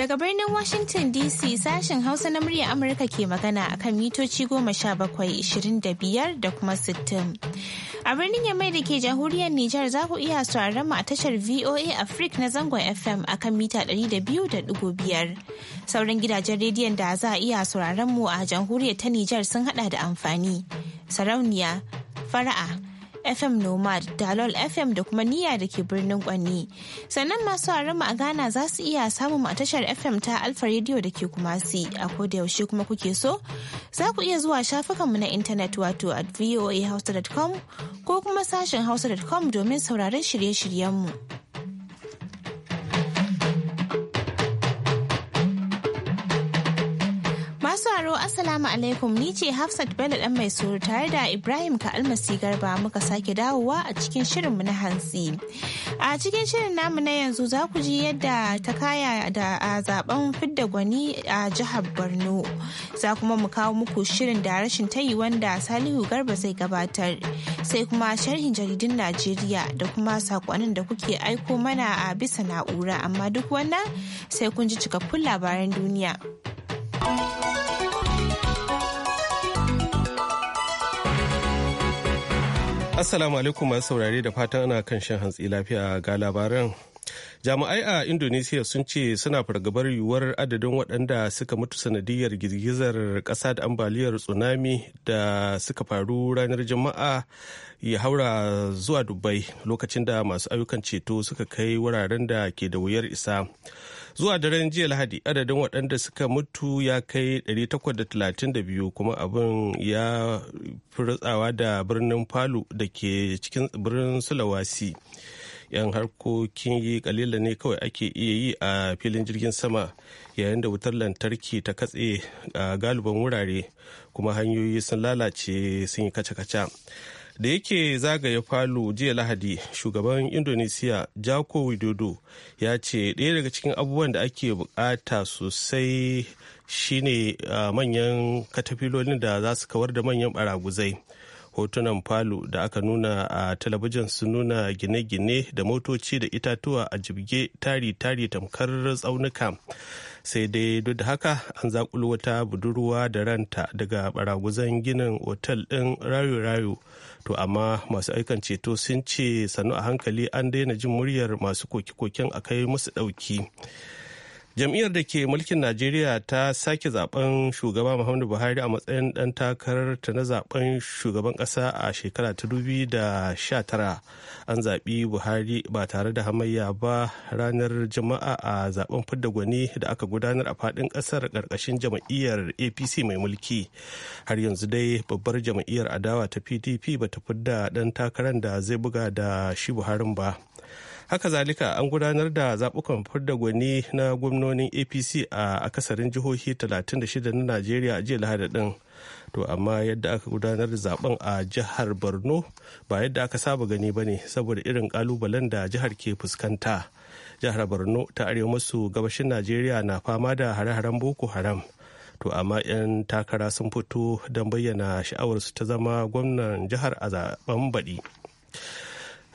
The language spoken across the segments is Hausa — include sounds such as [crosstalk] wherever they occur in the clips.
Daga birnin Washington DC sashen Hausa na murya Amurka ke magana akan mitoci goma sha bakwai ishirin da biyar da kuma sittin. A birnin Yamai da ke jamhuriyar Nijar za ku iya sauraron mu a tashar VOA Africa na zangon FM a kan mita biyar. Sauran gidajen rediyon da za a iya sauraron mu a jamhuriyar ta Nijar sun haɗa da amfani. Sarauniya, fara'a, FM Nomad, Dalol FM da kuma Niyya da ke birnin Kwanni. Sannan masu mu a Ghana za su iya samun a tashar FM ta Alfa Radio da ke Kumasi a koda yaushe kuma kuke so. Za ku iya zuwa shafukanmu na intanet wato at voahouse.com ko kuma sashen hausa.com domin sauraron shirye-shiryenmu. sauraro Assalamu alaikum ni ce Hafsat Bello dan mai suru tare da Ibrahim ka almasi garba muka sake dawowa a cikin shirin mu na hantsi. A cikin shirin namu na yanzu za ku ji yadda ta kaya da a zaben fidda gwani a jihar Borno. Za kuma mu kawo muku shirin da rashin tayi wanda Salihu Garba zai gabatar. Sai kuma sharhin jaridun Najeriya da kuma sakonnin da kuke aiko mana a bisa na'ura amma duk wannan sai kun ji cikakkun labaran duniya. Thank you. Assalamu alaikum masu saurare da fatan ana kan shan hantsi lafiya ga labaran. Jami'ai a Indonesia sun ce suna fargabar yiwuwar adadin waɗanda suka mutu sanadiyar girgizar ƙasa da ambaliyar tsunami da suka faru ranar jama'a ya haura zuwa Dubai lokacin da masu ayyukan ceto suka kai wuraren da ke da wuyar isa. zuwa daren jiya lahadi adadin waɗanda suka mutu ya kai 832 kuma abin ya furtsawa da birnin palu da ke cikin birnin sulawasi yan harkokin yi kalila ne kawai ake iya yi a filin jirgin sama yayin da wutar lantarki ta katse a galiban wurare kuma hanyoyi sun lalace sun yi kaca-kaca da yake zagaya falo jiya lahadi shugaban indonesiya jako widodo ya ce ɗaya daga cikin abubuwan da ake bukata sosai shine manyan katafilolin da za su kawar da manyan baraguzai hotunan falo da aka nuna a talabijin su nuna gine-gine da motoci da itatuwa a jibge tari-tari tamkar tsaunuka sai dai duk da haka an zakulo wata budurwa da ranta daga baraguzan ginin otal ɗin rayu-rayu to amma masu aikan ceto sun ce sannu a hankali an daina jin muryar masu koke-koken a kai musu ɗauki jam'iyyar da ke mulkin najeriya ta sake zaben shugaba muhammadu buhari a matsayin dan takarar ta na zaben shugaban kasa a shekara ta da tara an zaɓi buhari ba tare da hamayya ba ranar jama'a a zaben fidda gwani da aka gudanar a fadin ƙasar ƙarƙashin jam'iyyar apc mai mulki har yanzu dai babbar jam'iyyar adawa ta pdp ba ta fidda dan takarar da zai buga da shi buharin ba haka zalika an gudanar da zaɓukan fidda gwani na gwamnonin apc a akasarin jihohi 36 na najeriya a jiya lahadi din to amma yadda aka gudanar da zaben a jihar borno ba yadda aka saba gani ba ne saboda irin kalubalen da jihar ke fuskanta jihar borno ta arewa maso gabashin najeriya na fama da hare-haren boko haram to amma 'yan takara sun fito don bayyana sha'awarsu ta zama gwamnan jihar a zaben baɗi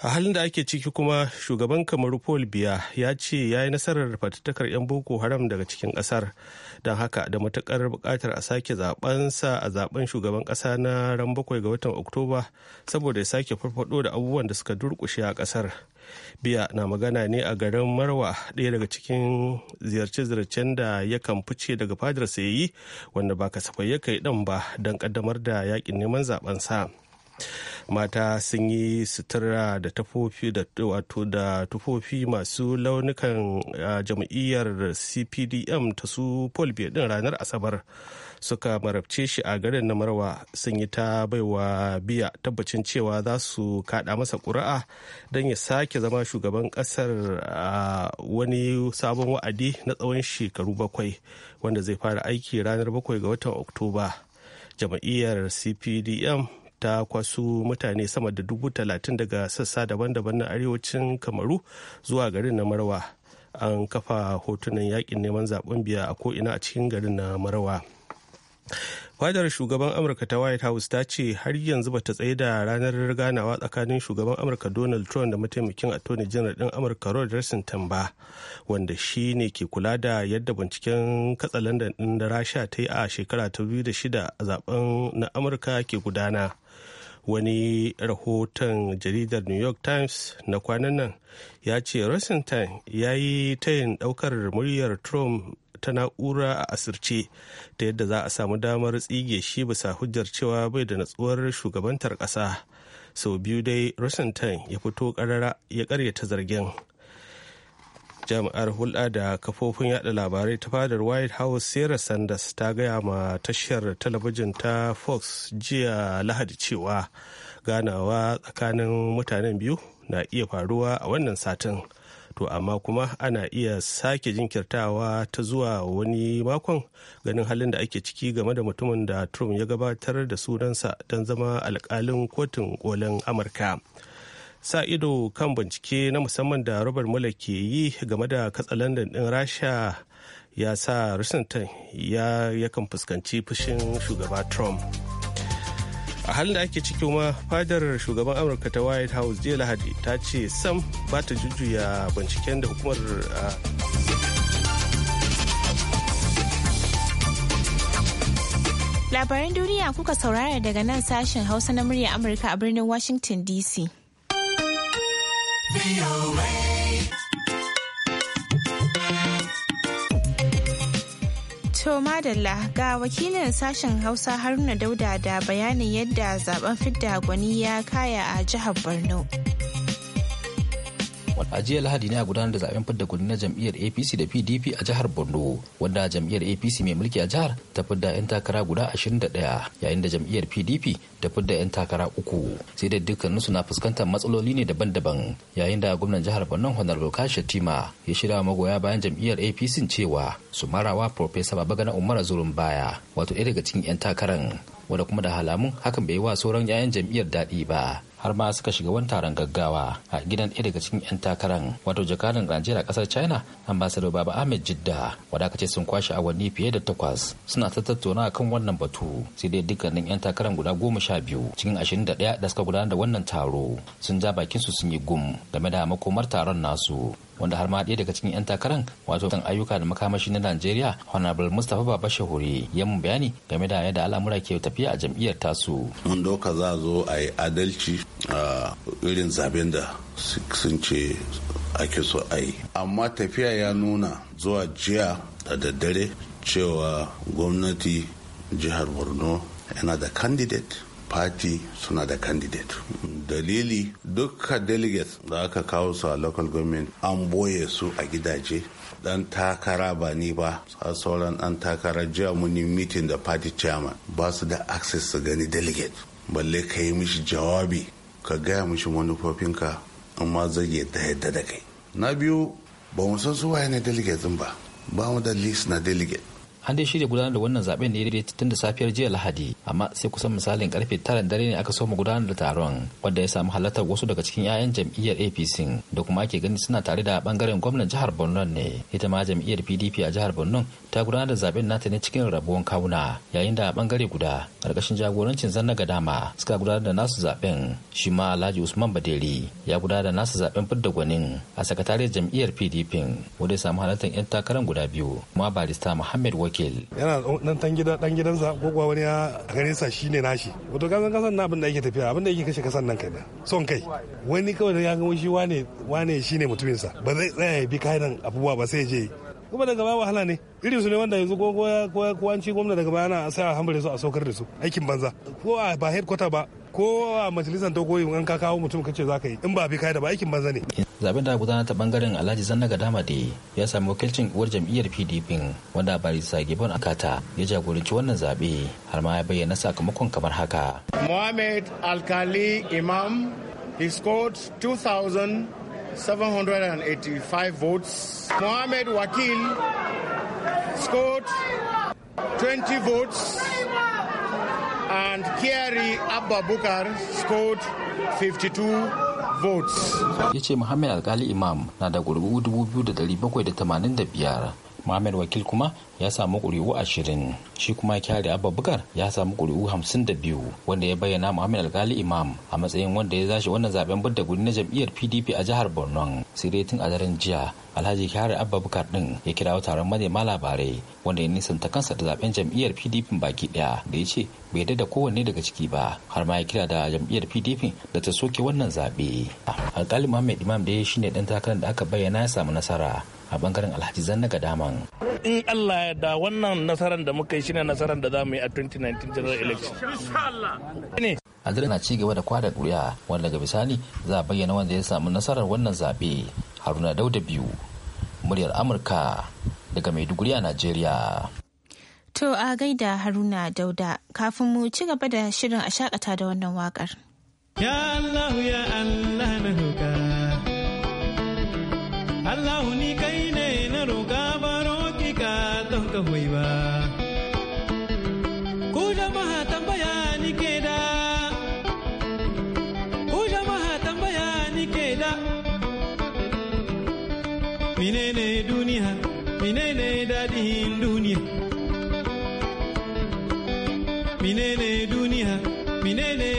a halin da ake ciki kuma shugaban kamar paul biya ya ce ya yi nasarar fatattakar 'yan boko haram daga cikin kasar don haka da matukar bukatar a sake zabansa a zaben shugaban kasa na ran bakwai ga watan oktoba saboda ya sake farfado da abubuwan da suka durkushe a kasar biya na magana ne a garin marwa ɗaya daga cikin ziyarce-ziyarcen da ya kan fice daga fadarsa ya yi wanda ba kasafai ya kai ɗan ba don ƙaddamar da yakin neman zaben sa. mata sun yi sutura da tafofi da wato da tufofi masu launukan jam'iyyar cpdm ta su paul din ranar asabar suka marabce shi a garin na marwa sun yi ta baiwa biya tabbacin cewa za su kada masa ƙuri'a don ya sake zama shugaban ƙasar a wani sabon wa'adi na tsawon shekaru bakwai wanda zai fara aiki ranar bakwai ga watan oktoba jam'iyyar cpdm ta kwasu mutane sama da dubu talatin daga sassa daban-daban na arewacin kamaru zuwa garin na marwa an kafa hotunan yakin neman zaben biya a ko'ina a cikin garin na marwa fadar shugaban amurka ta white house ta ce har yanzu bata tsaye da ranar ganawa tsakanin shugaban amurka donald trump da mataimakin attorney general din amurka rod rosenthal ba wanda shi ne ke kula da yadda binciken katsalandan din da rasha ta yi a shekara ta biyu da shida a zaben na amurka ke gudana wani rahoton jaridar new york times na kwanan nan ya ce rosenstein ya yi tayin daukar muryar trump ta na'ura a asirce ta yadda za a samu damar tsige shi bisa hujjar cewa bai da natsuwar shugabantar ƙasa sau biyu dai rosenstein ya fito ƙarara ya ƙaryata zargin jami'ar hulɗa da kafofin yada labarai ta fadar white house sarah sanders ta gaya ma tashar talabijin ta fox jiya lahadi cewa ganawa tsakanin mutanen biyu na iya faruwa a wannan satin to amma kuma ana iya sake jinkirtawa ta zuwa wani makon ganin halin da ake ciki game da mutumin da trump ya gabatar da sunansa don zama alkalin kotun kolin amurka. sa ido kan bincike na musamman da robert mueller ke yi game da katsalandan din rasha ya sa rosenstein ya yakan fuskanci fushin shugaba trump a halin da ake ciki ma fadar shugaban amurka ta white house jiya lahadi ta ce sam ba ta jujjuya binciken da hukumar labaran duniya kuka saurara daga nan sashen hausa na murya amurka a birnin washington dc To madalla ga wakilin sashen Hausa Haruna Dauda da bayanin yadda zaben fidda gwani ya kaya a jihar Borno. a jiya lahadi ne a gudanar da zaben fidda kudi na jam'iyyar apc da pdp a jihar borno wanda jam'iyyar apc mai mulki a jihar ta fidda 'yan takara guda 21 yayin da jam'iyyar pdp ta fidda 'yan takara uku sai da dukkaninsu na fuskantar matsaloli ne daban-daban yayin da gwamnan jihar borno honorable kashi tima ya shirya magoya bayan jam'iyyar apc cewa su marawa profesa babagana umar zurun baya wato ɗaya daga cikin 'yan takaran wanda kuma da halamun hakan bai yi wa sauran 'ya'yan jam'iyyar daɗi ba har ma suka shiga wani taron gaggawa a gidan ɗaya daga cikin 'yan takaran wato jakadan najeriya kasar china ambassador baba ahmed jidda wadakace sun kwashe awanni fiye da takwas suna ta tattauna kan wannan batu sai dai dukkanin 'yan takaran guda goma sha biyu cikin ashirin da ɗaya da suka gudanar da wannan taro sun ja bakin su sun yi gum game da makomar taron nasu wanda har ma ɗaya daga cikin 'yan takarar wato kan ayyuka da makamashi na Najeriya Honorable Mustapha Baba Shahure ya mun bayani game da yadda al'amura ke tafiya a jam'iyyar tasu. Mun doka za zo a yi adalci a irin zaben da sun ce ake so a yi. Amma tafiya ya nuna zuwa jiya da daddare cewa gwamnati jihar Borno yana da candidate party suna da candidate dalili dukkan delegates da aka kawo su a local government an boye su a gidaje dan takara ba ni ba sauran an takara jiya muni meeting da party chairman ba su da access su gani delegate balle ka yi mishi jawabi ka gaya mishi manufofinka amma zai ta yadda da kai na biyu ba mu san su waye na delegate ba ba mu da list na delegate an dai shirya gudanar da wannan zaben ne daidai tun da safiyar jiya lahadi amma sai kusan misalin karfe tara dare ne aka soma gudanar da taron wanda ya samu halartar wasu daga cikin 'ya'yan jam'iyyar apc da kuma ake gani suna tare da bangaren gwamnan jihar borno ne ita ma jam'iyyar pdp a jihar borno ta gudanar da zaben nata ne cikin rabuwan kawuna yayin da bangare guda karkashin jagorancin zanna dama suka gudanar da nasu zaben shi ma alhaji usman baderi ya gudanar da nasu zaben fidda gwanin a sakatariyar jam'iyyar pdp wanda ya samu halartar 'yan takarar guda biyu kuma barista muhammad wakil Michael. Yana nan tan gida dan gidansa ko kuwa wani ya gare sa shine nashi. Wato kasan kasan na abin da yake tafiya abin da yake kashe kasan nan kaina. Son kai. Wani kawai da ya ga shi wane wane shine mutuminsa. Ba zai tsaya ya bi kayan abubuwa ba sai je kuma daga baya wahala ne irin su ne wanda yanzu ko ko ko gwamna daga baya na sai a hambare su a saukar da su aikin banza ko a ba headquarter ba ko a majalisar dogoyin an ka kawo mutum kace za ka yi in ba bi kai da ba aikin banza ne zaben da gudanar ta bangaren alhaji zanna gadama da ya sami wakilcin uwar jam'iyyar pdp wanda barisa gibon akata ya jagoranci wannan zabe har ma ya bayyana sakamakon kamar haka mohammed alkali imam he scored 2,785 votes mohammed wakil scored 20 votes and Kiari Abba Bukar scored 52 votes. Ya ce Muhammad Alkali Imam na da gurbi 2,785 Muhammad Wakil kuma ya samu ƙuri'u ashirin shi kuma kyari abba ya samu ƙuri'u hamsin da biyu wanda ya bayyana Muhammad Alkali Imam a matsayin wanda ya zashi wannan zaben budda guri na jam'iyyar PDP a jihar Borno sai dai tun a daren jiya Alhaji Kyari Abba Bukar din ya kirawo taron manema labarai wanda ya nisanta kansa da zaben jam'iyyar PDP baki daya da ya ce bai yadda da kowanne daga ciki ba har ma ya kira da jam'iyyar PDP da ta soke wannan zabe. Alkali Muhammad Imam da ya shine dan takarar da aka bayyana ya samu nasara a bangaren alhaji zanna daman. in allah ya da wannan nasarar da muka yi shine nasarar da za mu yi a 2019 general election aljihar na cigaba da kwada kuri'a wanda daga bisani za a bayyana wanda ya samu nasarar wannan zaɓe haruna dauda biyu muryar amurka daga maiduguri a nigeria. to a gaida haruna dauda kafin mu ci gaba da shirin a shakata da wannan wakar ya allahu ya allah na allahu ni kai baro ka baro ki ka don ka hoyi ba. Ku ni ke da, ku ni ke da. duniya, duniya. duniya,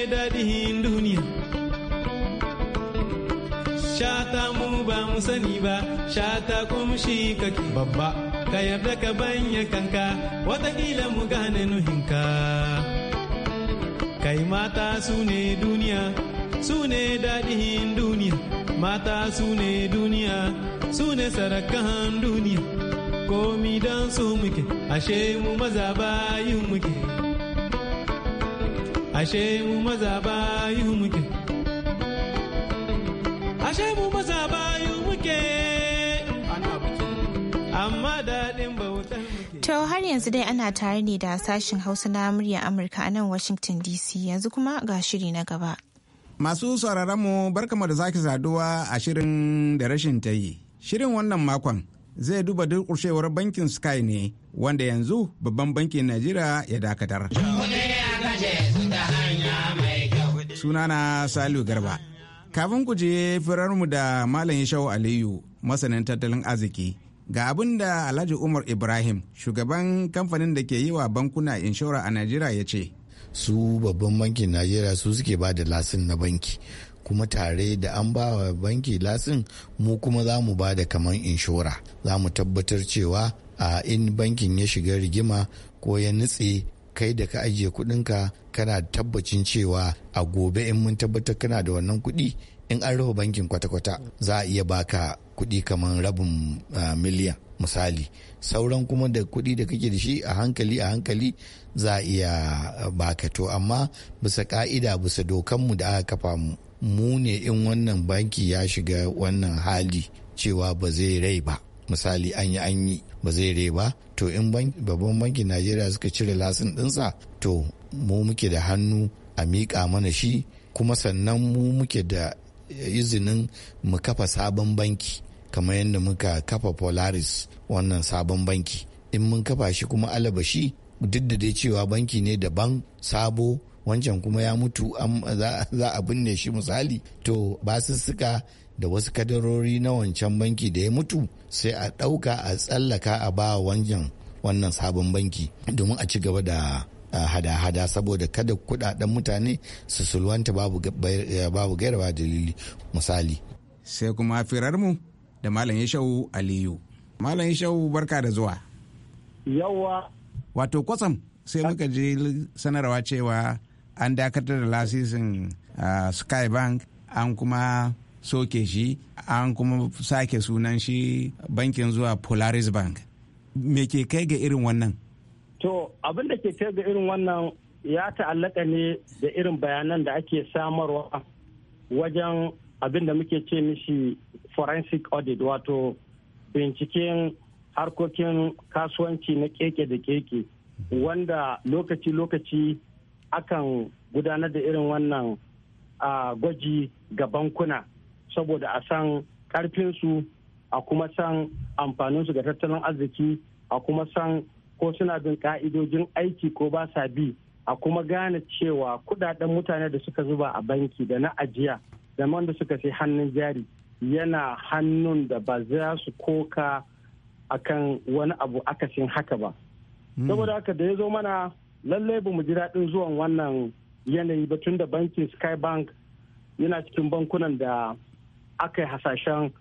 shata mu ba mu sani ba shata kuma shi kake babba ka yarda ka banya kanka watakila mu gane nuhinka kai mata su ne duniya su ne daɗin duniya mata su ne duniya su ne sarakan duniya komi don su muke ashe mu maza bayin muke ashe mu maza bayin muke ashe mu maza muke amma daɗin bautar To har yanzu dai ana tare ne da sashin Hausa na murya Amurka a nan Washington DC yanzu kuma ga shiri na gaba. Masu sauraron mu barkamu da zaki saduwa a shirin da rashin ta yi. Shirin wannan makon zai duba durƙushewar bankin Sky ne wanda yanzu babban bankin Najeriya ya dakatar. Sunana Salu Garba. kafin ku je firarmu da malam Shau aliyu masanin tattalin arziki ga abin da alhaji umar ibrahim shugaban kamfanin da ke yi wa bankuna inshora a najeriya ya ce su babban bankin najeriya su suke ba da lasin na banki kuma tare da an ba wa banki lasin mu kuma za mu ba da kamar inshora za mu tabbatar cewa a in bankin ya shiga rigima ko ya nutse kai da ka ajiye kudinka kana tabbacin cewa a gobe in mun tabbatar kana da wannan kuɗi in an rufe bankin kwata-kwata za a iya baka kuɗi kamar rabin miliyan misali sauran kuma da kuɗi da kake da shi a hankali a hankali za a iya baka to amma bisa ka'ida bisa dokanmu da aka kafa mu mu ne in wannan banki ya shiga wannan hali cewa ba zai rai ba misali an yi an yi ba zai re ba to in babban bankin najeriya suka cire lasin dinsa to mu muke da hannu a miƙa mana shi kuma sannan mu muke da izinin mu kafa sabon banki kamar yadda muka kafa polaris wannan sabon banki in mun kafa shi kuma alabashi duk da dai cewa banki ne daban sabo wancan kuma ya mutu za a binne shi misali to basussuka da wasu kadarori na wancan banki da ya mutu sai a ɗauka a tsallaka a ba wanjan wannan sabon banki domin a ci gaba da hada-hada saboda kada kudaden mutane su sulwanta babu gairawa dalili misali sai kuma firarmu da malam yashau aliyu malam yashau barka da zuwa yawa wato kwatsam sai muka je sanarwa cewa an dakatar da lasisin skybank an kuma soke shi an kuma sake sunan shi bankin zuwa polaris bank me ke kai ga irin wannan to abin da ke kai ga irin wannan ya ta'allaka ne da irin bayanan da ake samarwa wajen abin da muke ce mishi forensic audit wato binciken harkokin kasuwanci na keke da keke wanda lokaci-lokaci akan gudanar da irin wannan a ah, gwaji ga bankuna saboda a san karfinsu a kuma san amfaninsu ga tattalin arziki a kuma san ko suna bin ka'idojin aiki ko ba sa bi a kuma gane cewa kudaden mutane da suka zuba a banki da na ajiya da da suka sai hannun jari yana hannun da ba za su koka akan wani abu akasin haka ba hmm. saboda haka da ya zo mana lallai ba mu ji daɗin zuwan wannan yanayi ba tun da bankin skybank yana cikin bankunan da aka yi hasashen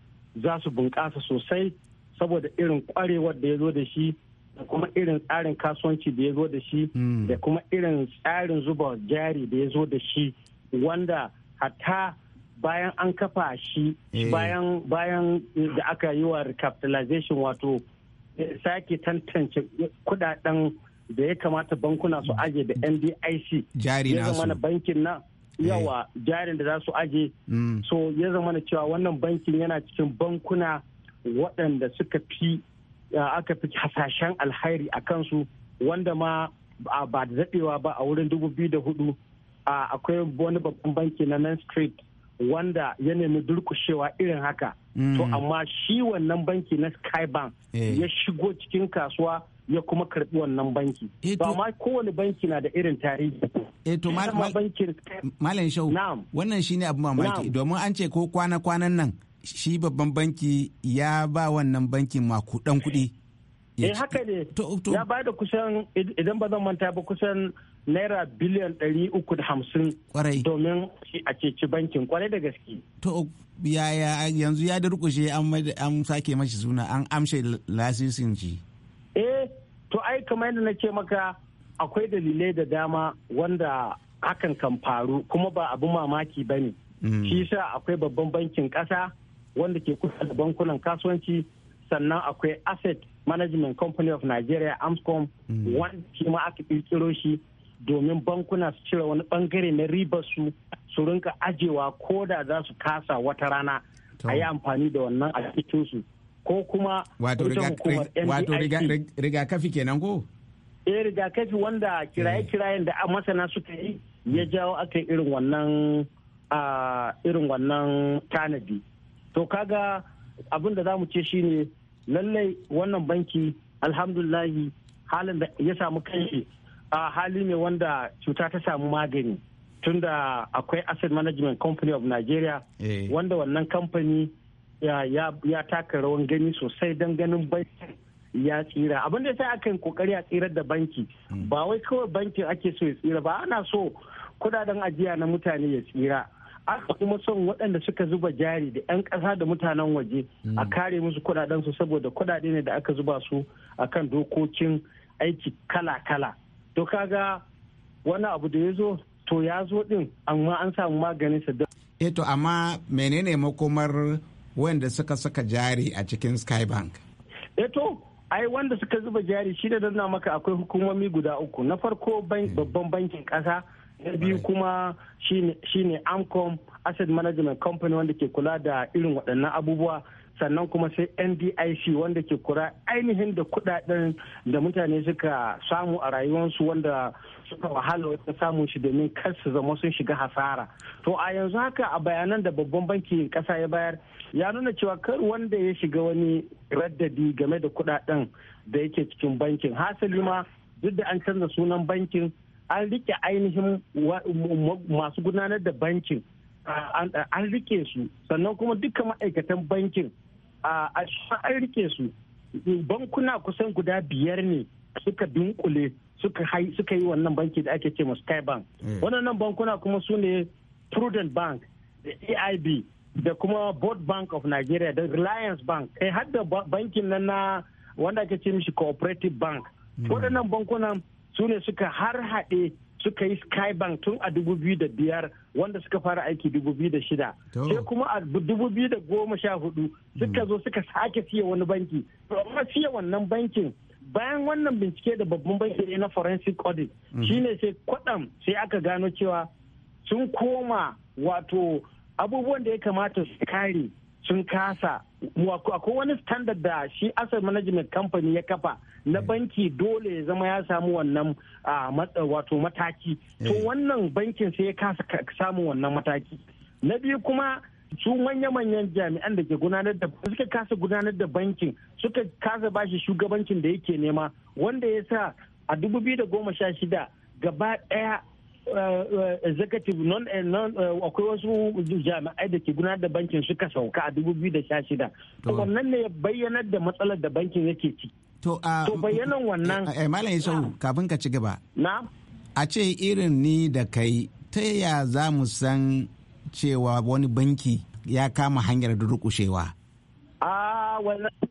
za su bunƙasa sosai saboda irin kwarewar da ya zo da shi da kuma irin tsarin kasuwanci da ya zo da shi hmm. da kuma irin tsarin zuba jari da ya zo da shi wanda hatta bayan an kafa shi eh. bayan da aka yi wa recapitalization wato eh, sake tantance kudaden da ya kamata bankuna su hmm. aje da ndic jari nasu bankin nan Eh. yawa jarin da za su aje mm. so ya zama na cewa wannan bankin yana cikin bankuna waɗanda suka fi aka fi hasashen alhairi a kansu wanda ma ba da daɗewa ba a wurin dubu biyu da hudu akwai wani babban banki na nan street wanda ya nemi durkushewa irin haka mm. to amma shi wannan banki na skybank eh. ya shigo cikin kasuwa ya kuma karbi wannan banki ba eh, ma kowane banki na da irin tarihi eh to malam shau wannan shine abu mamaki domin an ce ko kwana kwanan nan shi babban banki ya ba wannan bankin makudan kuɗi eh haka ne ya ba da kusan idan ba zan manta ba kusan naira biliyan 350 domin a ceci bankin kwarai da gaske. To yaya yanzu ya durkushe an sake mashi suna an amshe lasisin shi. eh to ai kamar yadda na ce maka akwai dalilai da dama wanda hakan kan faru kuma ba abin mamaki ba ne mm. shi sa akwai babban bankin ƙasa wanda ke kusa da bankunan kasuwanci sannan akwai asset management company of nigeria amscom mm. wanda shi ma aka kirkiro shi domin bankuna su cire wani bangare na riba su su rinka ajewa ko da za su kasa wata rana a yi amfani da wannan a su ko kuma wato rigakafi kenan ko eh rigakafi wanda kiraye-kirayen da masana suka yi ya jawo aka irin wannan irin wannan tanadi to kaga abin da za mu ce shine lallai wannan banki alhamdulahi halin da ya samu kanshi a hali ne wanda cuta ta samu magani tunda akwai asset management company of nigeria eh. wanda wannan kamfani ya taka rawan gani sosai don ganin bankin ya tsira abin da sai aka yi kokari a tsirar da banki hmm. ba wai kawai bankin ake so ya tsira ba ana so kudaden ajiya na mutane ya tsira aka kuma son waɗanda suka zuba jari da 'yan ƙasa da mutanen waje a hmm. kare musu kudadensu saboda kudade ne da aka zuba su akan dokokin aiki kala-kala to kaga wani abu da ya zo to ya zo din amma an samu maganin sa eto eh amma menene makomar wanda suka saka jari a cikin skybank eto eh ai wanda suka zuba jari shi da danna maka akwai hukumomi guda uku na farko hmm. babban bankin kasa na biyu kuma shine amcom asset management company wanda ke kula da irin waɗannan abubuwa sannan kuma sai ndic wanda ke kura ainihin da kudaden da mutane suka samu a rayuwarsu wanda suka wahala wata samun shi domin kar su zama sun shiga hasara to a yanzu haka a bayanan da babban bankin kasa ya bayar ya nuna cewa kar wanda ya shiga wani raddadi game da kudaden da yake cikin bankin hasali ma duk da an canza sunan bankin an rike ainihin masu gudanar da bankin an rike su sannan kuma duka ma'aikatan bankin a an rike su bankuna kusan guda biyar ne suka dunkule suka yi wannan bankin da ake ce ma bank mm. wannan bankuna kuma su ne prudent bank da aib da kuma board bank of nigeria da reliance bank kai har da bankin nan na wanda ake ce mishi cooperative bank hmm. waɗannan bankunan su ne suka har haɗe suka yi sky bank tun a biyar wanda suka fara aiki shida sai kuma a hudu suka hmm. zo suka sake siya wani banki to amma siya wannan bankin bayan wannan bincike da babban banki ne na forensic audit hmm. shine sai kwadam sai aka gano cewa sun koma wato abubuwan da ya kamata su kare sun kasa akwai wani standard da shi asset management company ya kafa na eh. banki dole ya zama ya samu wannan wato mataki to eh. wannan bankin sai ya kasa samu wannan mataki na biyu kuma su manya-manyan jami'an da ke gudanar da suka kasa gudanar da bankin suka kasa bashi shugabancin da yake nema wanda ya sa a 2016 gaba daya. Uh, uh, executive non eh, eh, akwai wasu jami'ai da ke gudanar da bankin suka sauka a 2016 to wannan ne ya bayyanar da matsalar da bankin yake ci to uh, bayyanan wannan eh, malam sau kafin ka ci gaba na a ce irin ni da kai ta yaya za mu san cewa wani banki ya kama hanyar durƙushewa a ah,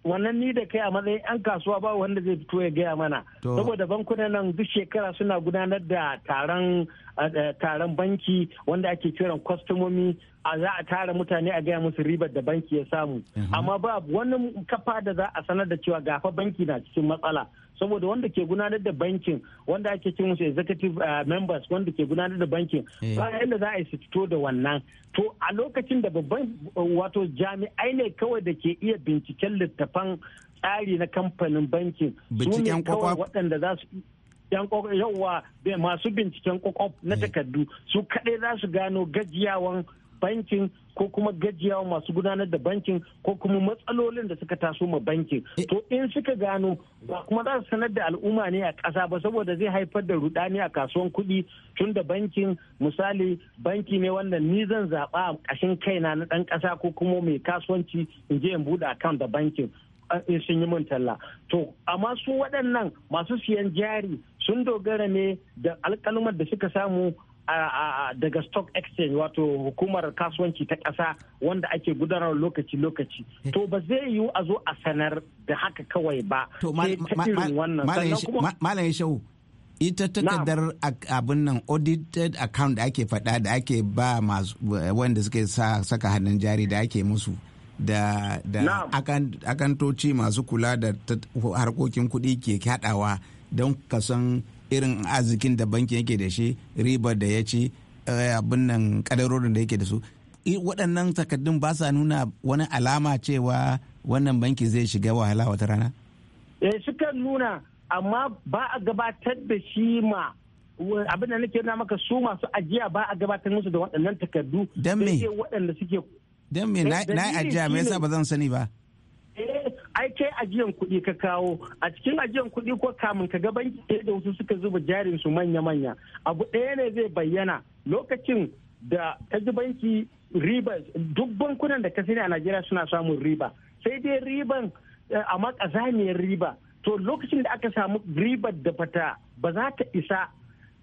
wannan ni da kai a matsayin yan kasuwa ba wanda zai fito ya gaya mana saboda bankuna nan duk shekara suna gudanar da taron eh, eh, taron banki wanda ake kiran kwastomomi a za a tara mutane a gaya musu ribar da banki ya samu mhm. amma ba wani kafa da za a sanar da cewa gafa banki na cikin matsala saboda wanda ke gudanar da bankin wanda ake cin musu executive eh, members wanda ke gudanar da bankin eh. ba yadda za a yi su fito da wannan to a lokacin da babban wato jami'ai ne kawai da ke iya binciken littafan tsari na kamfanin bankin su ne kawai waɗanda za su yan yawa masu binciken kwakwaf na eh. takardu su kaɗai za su gano gajiyawan bankin ko kuma gajiyawa masu gudanar da bankin ko kuma matsalolin da suka taso ma bankin eh. to in suka gano ba kuma za su sanar da al'umma ne a ƙasa ba saboda zai haifar da rudani a kasuwan kuɗi tun da bankin misali banki ne wanda ni zan zaɓa a ƙashin kaina na ɗan ƙasa ko kuma mai kasuwanci in je in buɗe account da bankin in sun yi min talla to amma su waɗannan masu siyan jari sun dogara ne da alƙalmar da suka samu daga stock exchange wato hukumar kasuwanci ta ƙasa wanda ake gudanar lokaci-lokaci to ba zai yiwu a zo a sanar da haka kawai ba to malayin shau ita takardar abin nan audited account da ake faɗa da ake ba masu wanda suke saka hannun jari da ake musu da da akantoci masu kula da harkokin kuɗi ke haɗawa don kasan irin arzikin da bankin yake da shi ribar da ya ci eh, abin nan kadarorin da yake da su waɗannan takardun ba sa nuna wani alama cewa wannan banki zai shiga wahala wata rana? eh sukan nuna amma ba a gabatar da shi ma abin da nake nuna maka su masu ajiya ba a gabatar musu da waɗannan takardu don me waɗanda suke don me na ajiya me yasa ba zan sani ba ai kai ajiyan kuɗi ka kawo a cikin ajiyan kuɗi ko kamun ka ga banki da wasu suka zuba jarin su manya-manya abu ɗaya ne zai bayyana lokacin da ka ji banki riba duk bankunan da ka sani a najeriya suna samun riba sai dai riban eh, a makazaniyar riba to lokacin da aka samu ribar da fata ba za ta isa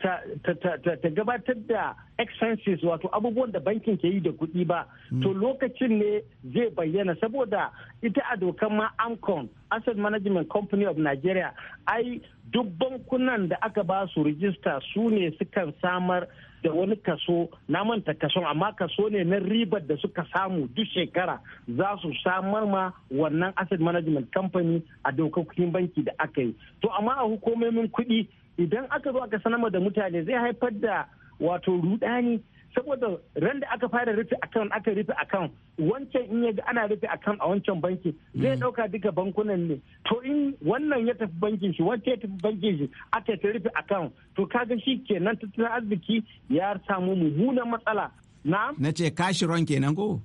ta gabatar da expenses wato abubuwan da bankin ke yi da kuɗi ba to hmm. lokacin ne zai bayyana saboda ita a dokan ma amcon asset management company of nigeria ai duk bankunan da aka ba su rijista su ne sukan samar da wani kaso na manta kason amma kaso ne na ribar da suka samu duk shekara za su samar ma wannan asset management company a dokokin banki da aka yi to amma a hukumomin kuɗi idan aka zo aka sanar da mutane zai haifar da wato rudani saboda ran da aka fara rufe akan aka rufe akan wancan in yaga ana rufe akan a wancan banki zai dauka mm. duka bankunan ne to in wannan ya tafi bankin shi wancan ya tafi bankin shi aka ta rufe akan to kaga shi kenan tattalin arziki ya samu mummunan matsala na na ce kashi ron kenan ko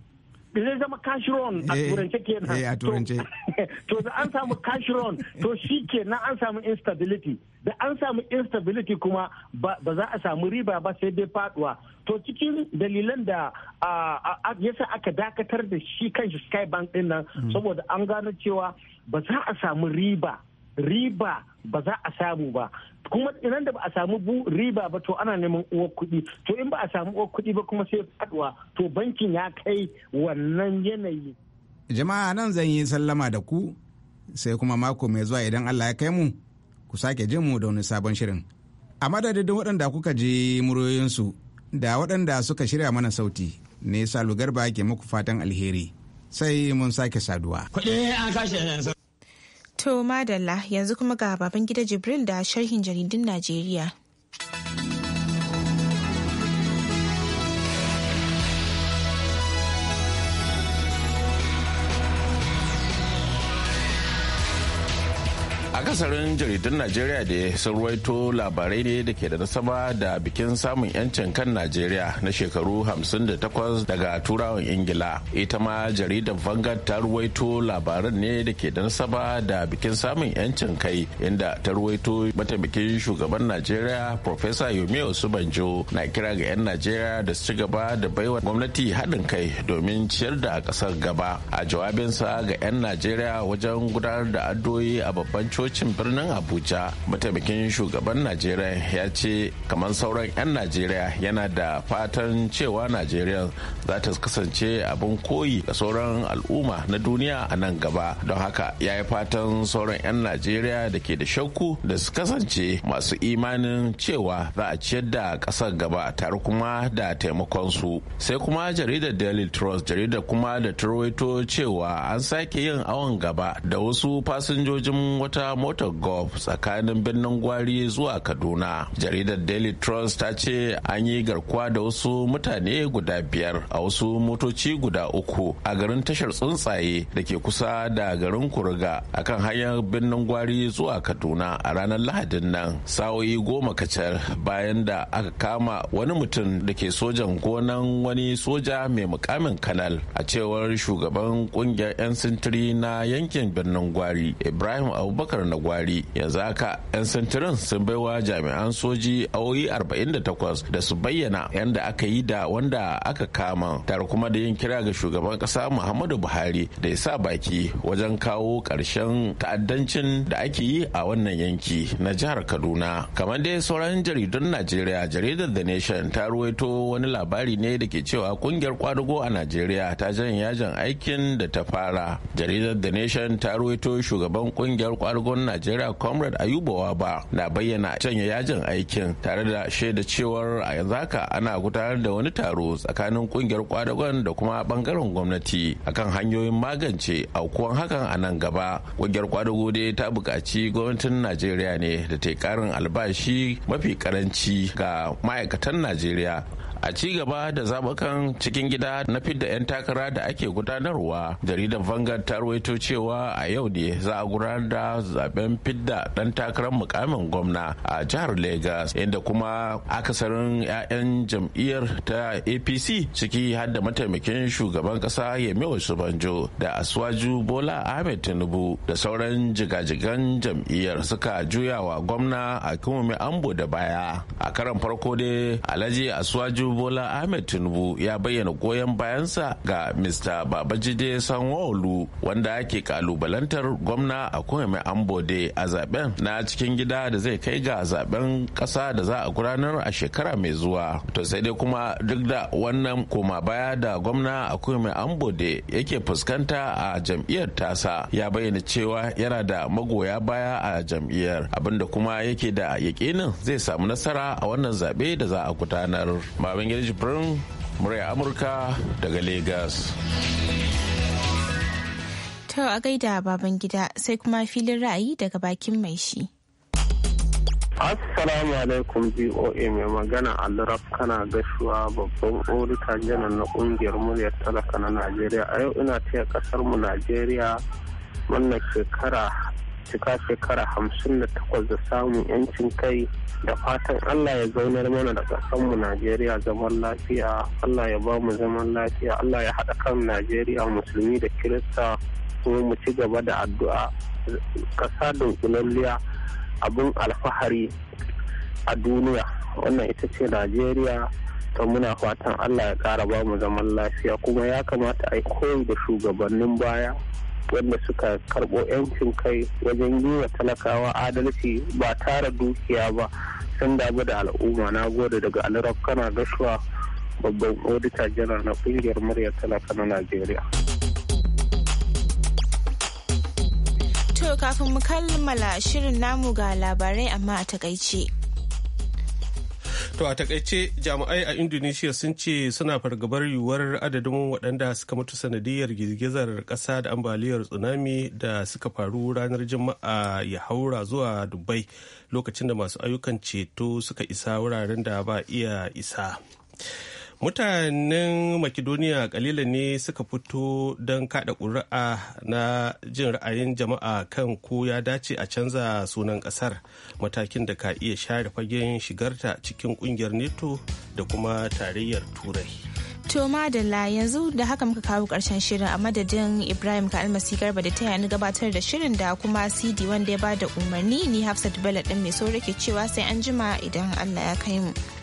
da zai zama cash run a eh, turance kenan eh, a turance [laughs] to da an samu cash run to shi kenan an samu instability da an samu instability kuma ba za a samu riba ba sai dai faduwa to cikin dalilan da yasa aka dakatar da shi kanshi skybank din nan hmm. saboda an gano cewa ba za a samu riba riba ba za a samu ba kuma inan da ba a samu riba ba to ana neman uwar kuɗi to in ba a samu uwar kuɗi ba kuma sai faduwa to bankin ya kai wannan yanayi jama'a nan zan yi sallama da ku sai kuma mako mai zuwa idan Allah ya kai mu ku sake jin mu da wani sabon shirin a madadin waɗanda kuka je muryoyinsu da waɗanda suka shirya mana sauti ne salu garba ke muku fatan alheri sai mun sake saduwa kuɗi an kashe To Madalla yanzu kuma ga baban gida Jibril da sharhin jaridun Najeriya. a akasarin jaridun najeriya da sun ruwaito labarai ne da ke da nasaba da bikin samun yancin kan najeriya na shekaru 58 daga turawan ingila ita ma jaridar vangard ta ruwaito labaran ne da ke da nasaba da bikin samun yancin kai inda ta ruwaito mataimakin shugaban najeriya professor yomi osubanjo na kira ga 'yan najeriya da su ci gaba da baiwa gwamnati haɗin kai domin ciyar da ƙasar gaba a jawabinsa ga 'yan najeriya wajen gudanar da addu'o'i a babban coci sojocin birnin abuja mataimakin shugaban najeriya ya ce kamar sauran 'yan najeriya yana da fatan cewa najeriya za ta kasance abin koyi ga sauran al'umma na duniya a nan gaba don haka ya yi fatan sauran 'yan najeriya da ke da shakku da su kasance masu imanin cewa za a ciyar da ƙasar gaba tare kuma da taimakonsu sai kuma jaridar daily trust jaridar kuma da turwaito cewa an sake yin awon gaba da wasu fasinjojin wata motar golf tsakanin birnin gwari zuwa kaduna jaridar daily trust ta ce an yi garkuwa da wasu mutane guda biyar a wasu motoci guda uku a garin tashar tsuntsaye da ke kusa da garin a akan hanyar birnin gwari zuwa kaduna a ranar lahadin nan sa'o'i goma kacal bayan da aka kama wani mutum da ke sojan gonan wani soja mai mukamin kanal a cewar shugaban kungiyar 'yan sintiri na yankin birnin gwari ibrahim abubakar na gwari yanzu haka 'yan sintirin sun baiwa jami'an soji awoyi 48 da su bayyana yadda aka yi da wanda aka kama tare kuma da yin kira ga shugaban kasa muhammadu buhari da ya sa baki wajen kawo ƙarshen ta'addancin da ake yi a wannan yanki na jihar kaduna kamar dai sauran jaridun najeriya jaridar the nation ta ruwaito wani labari ne da ke cewa kungiyar kwadugo a najeriya ta jan yajin aikin da ta fara jaridar the nation ta ruwaito shugaban kungiyar kwadugo gwamnan najeriya comrade ayuba ba na bayyana canya yajin aikin tare da shaida cewar a yanzu haka ana gudanar da wani taro tsakanin kungiyar kwadagon da kuma bangaren gwamnati akan hanyoyin magance aukuwan hakan a nan gaba kungiyar kwadago dai ta buƙaci gwamnatin najeriya ne da ta yi ƙarin albashi mafi karanci ga ma'aikatan najeriya a ci gaba da zaɓukan cikin gida na fidda 'yan takara da ake gudanarwa jaridar vanguard ta rawaito cewa a yau ne za a gudanar da zaben fidda ɗan takarar mukamin gwamna a jihar lagos inda kuma akasarin 'ya'yan jam'iyyar ta apc ciki har da mataimakin shugaban ƙasa yemi banjo da aswaju bola ahmed tinubu da sauran jigajigan jam'iyyar suka juyawa gwamna a Kimomi ambo da baya a karan farko dai alhaji aswaju Tinubu Bola Ahmed Tinubu ya bayyana goyon bayansa ga Mr. Babajide Sanwo-Olu wanda ake kalubalantar gwamna a Kwame Ambode a zaben na cikin gida da zai kai ga zaben kasa da za a gudanar a shekara mai zuwa. To sai dai kuma duk da wannan koma baya da gwamna a Kwame Ambode yake fuskanta a jam'iyyar tasa ya bayyana cewa yana da magoya baya a jam'iyyar abinda kuma yake da yakinin zai samu nasara a wannan zaɓe da za a gudanar. gidan Jibrin murya Amurka daga Legas. ta a gaida baban gida sai kuma filin ra'ayi daga bakin mai shi. Assalamu alaikum BOA mai magana Alraf kana gashuwa babban orita janar na kungiyar muryar talaka na Najeriya. A yau ina taya kasar mu Najeriya wannan shekara cika shekara hamsin da takwas da samun yancin kai da fatan allah ya zaunar mana da mu najeriya zaman lafiya allah ya ba mu zaman lafiya allah ya haɗa kan najeriya musulmi da kirista kuma mu ci gaba da addu'a ƙasa dunkulalliya abin alfahari a duniya wannan ita ce najeriya to muna fatan allah ya ƙara ba mu zaman lafiya kuma ya kamata a koyi da shugabannin baya wanda suka karɓo 'yancin kai wajen yi wa talakawa adalci ba tara dukiya ba sun damu da al'umma na gode daga alarab kana gashuwa babban odita janar na kungiyar murya talaka na najeriya to kafin mu kammala shirin namu ga labarai amma a takaice To a takaice jami'ai a Indonesia sun ce suna fargabar yiwuwar adadin waɗanda suka mutu sanadiyar girgizar ƙasa da ambaliyar tsunami da suka faru ranar Juma'a ya haura zuwa Dubai lokacin da masu ayyukan ceto suka isa wuraren da ba iya isa. mutanen makedoniya kalila ne suka fito don kada ƙuri'a na jin ra'ayin jama'a kan ko ya dace a canza sunan ƙasar matakin da ka iya share fagen shigarta cikin ƙungiyar neto da kuma tarayyar turai toma da la yanzu da haka muka kawo ƙarshen shirin a madadin ibrahim ka almasi garba da taya ni gabatar da shirin da kuma cd wanda ya ba da umarni ni hafsat bala din mai saurake cewa sai an jima idan allah ya kai mu